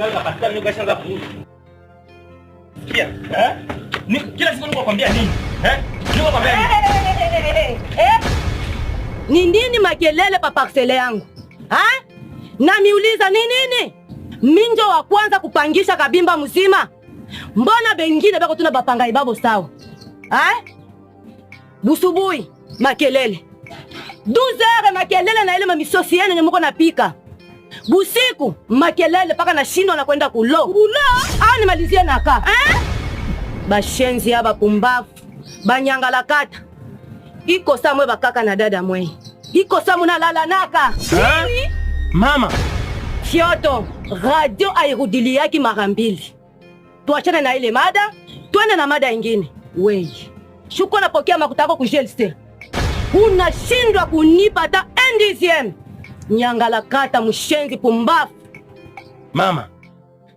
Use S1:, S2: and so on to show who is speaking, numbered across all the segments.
S1: mganga Pascal niko kashaanza kuuza. Sikia, eh? Ni kila siku niko kwambia nini? Eh? Niko kwambia
S2: nini? Eh? Ni nini makelele pa parcelle yangu? Ha? Na miuliza ni nini? Minjo wa kwanza kupangisha kabimba mzima. Mbona bengine bako tuna bapanga ibabo sawa? Eh? Busubui makelele. 12 makelele na ile mamisosi yenu nyemuko napika busiku makelele mpaka nashindwa na kwenda kulo kulo, au nimalizie kaa eh? Bashenzi aba pumbavu banyangala kata iko mwe bakaka na dada mwe iko muna lala naka
S3: eh? Mama
S2: Kyoto radio airudiliaki mara mbili. Tuachane na ile mada, twende na mada ingine. Weyi shuko napokea makutako ku unashindwa kunipa hata ndisiemu nyangalakata mshenzi pumbafu.
S3: Mama,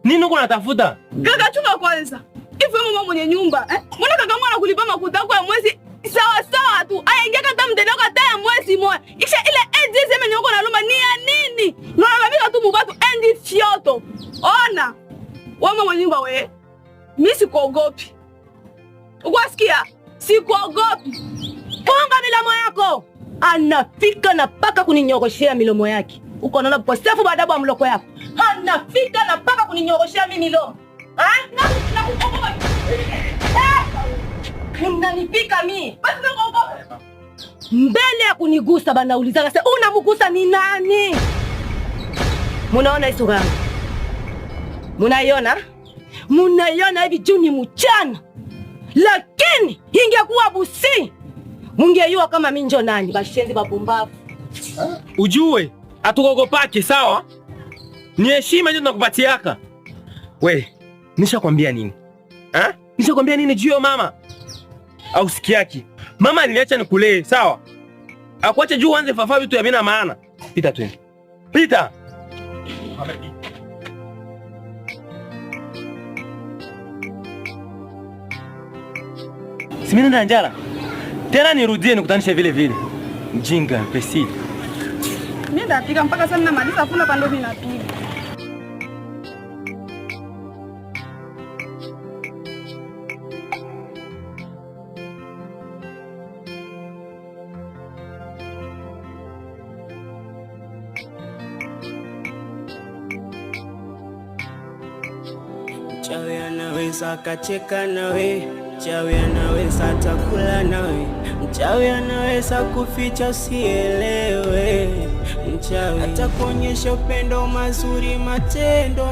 S3: nini uko natafuta?
S4: Kaka, chunga kwanza. Ifu mama mwenye nyumba, eh? Mbona kaka mwana kulipa makuta kwa mwezi sawa sawa tu. Aingia kata mtendao kata ya mwezi mmoja. Isha ile endi zeme nyoko na luma ni ya nini? Nona babika tu mubatu endi fioto. Ona. Wewe mama mwenye nyumba wewe. Mimi sikuogopi. Ukwasikia? Sikuogopi. Ponga milamo yako anafika na paka kuninyoroshea milomo yake. Uko naona ukosefu wa adabu mloko yako, anafika na paka kuninyoroshea mimi milomo unanipika mimi
S2: mbele ya kunigusa bana, banaulizana, sasa, unamgusa ni nani? Munaona isura, munaiona, munaiona hivi juu ni mchana, lakini ingekuwa busi mungeyua kama mimi njo nani bashenzi babumbavu.
S3: Ujue atukogopake sawa, ni heshima ndio tunakupatiaka we. Nishakwambia nini ha? Nishakwambia nini juu mama au sikiaki? Mama aliniacha nikulee sawa, akuache juu uanze fafa vitu ya mina maana. Pita twende, pita na njara. Tena nirudie nikutanishe vile vile. jinga pesili.
S4: Mimi ndapiga mpaka sasa ninamaliza kula pando mimi Chawi anaweza akacheka nawe, mchawi anaweza atakula nawe, mchawi anaweza kuficha usielewe, mchawi atakuonyesha upendo, mazuri matendo